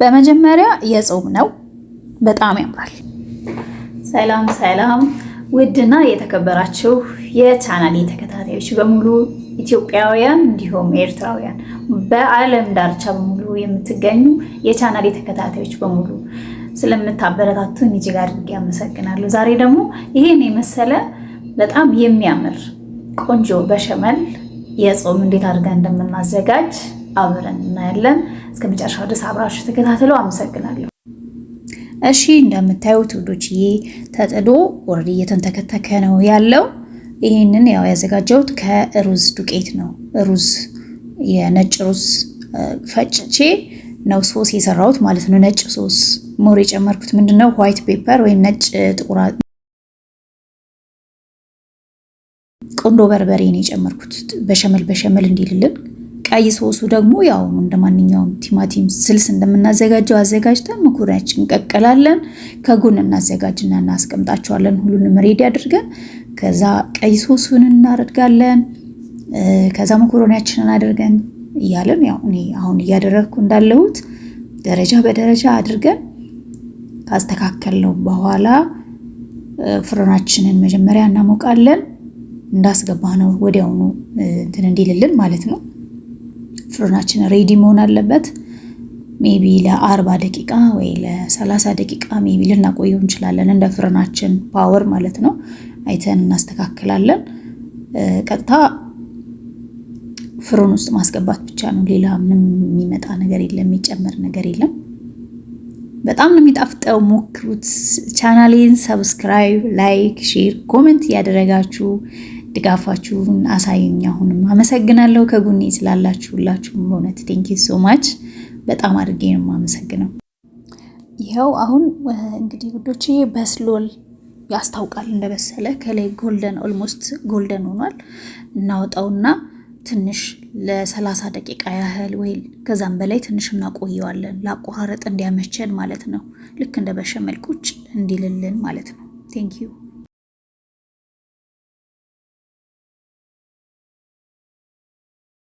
በመጀመሪያ የጾም ነው። በጣም ያምራል። ሰላም ሰላም! ውድና የተከበራችሁ የቻናሌ ተከታታዮች በሙሉ ኢትዮጵያውያን እንዲሁም ኤርትራውያን በዓለም ዳርቻ በሙሉ የምትገኙ የቻናሌ ተከታታዮች በሙሉ ስለምታበረታቱን እጅግ አድርጌ አመሰግናለሁ። ዛሬ ደግሞ ይሄን የመሰለ በጣም የሚያምር ቆንጆ በሸመል የጾም እንዴት አድርገን እንደምናዘጋጅ አብረን እናያለን። እስከ መጨረሻ ድረስ አብራችሁ ተከታተሉ። አመሰግናለሁ። እሺ እንደምታዩት ውዶችዬ ተጥዶ ወረድ እየተንተከተከ ነው ያለው። ይህንን ያው ያዘጋጀሁት ከሩዝ ዱቄት ነው። ሩዝ የነጭ ሩዝ ፈጭቼ ነው ሶስ የሰራሁት ማለት ነው። ነጭ ሶስ ሞር የጨመርኩት ምንድን ነው ዋይት ፔፐር ወይም ነጭ ጥቁር ቁንዶ በርበሬ ነው የጨመርኩት፣ በሸመል በሸመል እንዲልልን ቀይ ሶሱ ደግሞ ያው እንደ ማንኛውም ቲማቲም ስልስ እንደምናዘጋጀው አዘጋጅተን መኩሪያችን እንቀቅላለን። ከጎን እናዘጋጅና እናስቀምጣቸዋለን ሁሉንም ሬዲ አድርገን። ከዛ ቀይ ሶሱን እናደርጋለን። ከዛ መኮረኒያችንን አድርገን እያለን ያው እኔ አሁን እያደረግኩ እንዳለሁት ደረጃ በደረጃ አድርገን ካስተካከልነው በኋላ ፍሮናችንን መጀመሪያ እናሞቃለን። እንዳስገባ ነው ወዲያውኑ እንትን እንዲልልን ማለት ነው። ፍርናችን ሬዲ መሆን አለበት። ሜቢ ለአርባ ደቂቃ ወይ ለሰላሳ ደቂቃ ሜቢ ልናቆየው እንችላለን። እንደ ፍርናችን ፓወር ማለት ነው። አይተን እናስተካክላለን። ቀጥታ ፍሩን ውስጥ ማስገባት ብቻ ነው። ሌላ ምንም የሚመጣ ነገር የለም፣ የሚጨምር ነገር የለም። በጣም ነው የሚጣፍጠው። ሞክሩት። ቻናሌን ሰብስክራይብ፣ ላይክ፣ ሼር፣ ኮሜንት እያደረጋችሁ ድጋፋችሁን አሳዩኝ። አሁንም አመሰግናለሁ ከጎኔ ስላላችሁላችሁም በእውነት ቴንኪ ሶ ማች በጣም አድርጌ ነው የማመሰግነው። ይኸው አሁን እንግዲህ ውዶች በስሎል ያስታውቃል እንደበሰለ ከላይ ጎልደን ኦልሞስት ጎልደን ሆኗል። እናወጣውና ትንሽ ለሰላሳ ደቂቃ ያህል ወይ ከዛም በላይ ትንሽ እናቆየዋለን ለአቆራረጥ እንዲያመቸን ማለት ነው። ልክ እንደ በሸመል ቁጭ እንዲልልን ማለት ነው። ቴንኪዩ